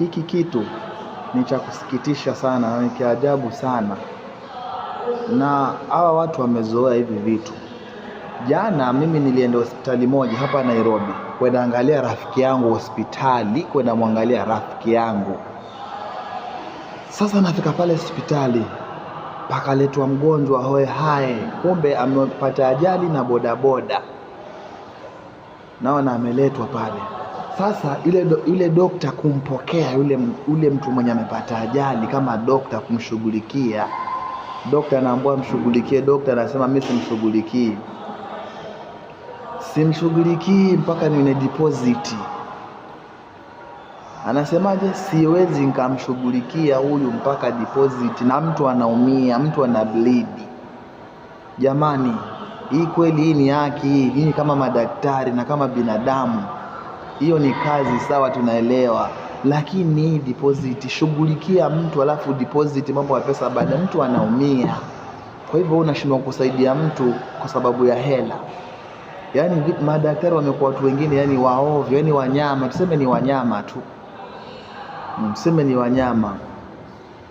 hiki kitu ni cha kusikitisha sana na ni kiajabu sana, na hawa watu wamezoea hivi vitu. Jana mimi nilienda hospitali moja hapa Nairobi kwenda angalia rafiki yangu hospitali, kwenda mwangalia rafiki yangu. Sasa nafika pale hospitali, pakaletwa mgonjwa hoe hae, kumbe amepata ajali na bodaboda, naona ameletwa pale sasa ile do, ile dokta kumpokea yule, ule mtu mwenye amepata ajali, kama dokta kumshughulikia dokta, anaambua mshughulikie, dokta anasema mimi simshughulikii, simshughulikii mpaka nione deposit. Anasemaje? siwezi nikamshughulikia huyu mpaka deposit, na mtu anaumia, mtu ana bleed. Jamani, hii kweli, hii ni haki? Hii kama madaktari na kama binadamu hiyo ni kazi sawa, tunaelewa lakini deposit, shughulikia mtu alafu deposit mambo ya pesa, baada mtu anaumia. Kwa hivyo unashindwa kusaidia mtu kwa sababu ya hela. Yaani madaktari wamekuwa watu wengine, yani waovyo, yani wanyama, tuseme ni wanyama tu, mm, tuseme ni wanyama.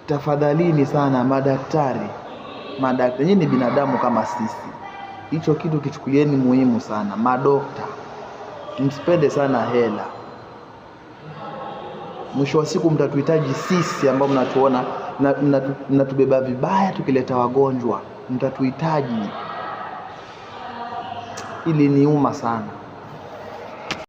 Tafadhalini sana madaktari, madaktari nyinyi ni binadamu kama sisi, hicho kitu kichukulieni muhimu sana, madokta msipende sana hela. Mwisho wa siku mtatuhitaji sisi ambao mnatuona mnatubeba vibaya, tukileta wagonjwa mtatuhitaji. ili niuma sana.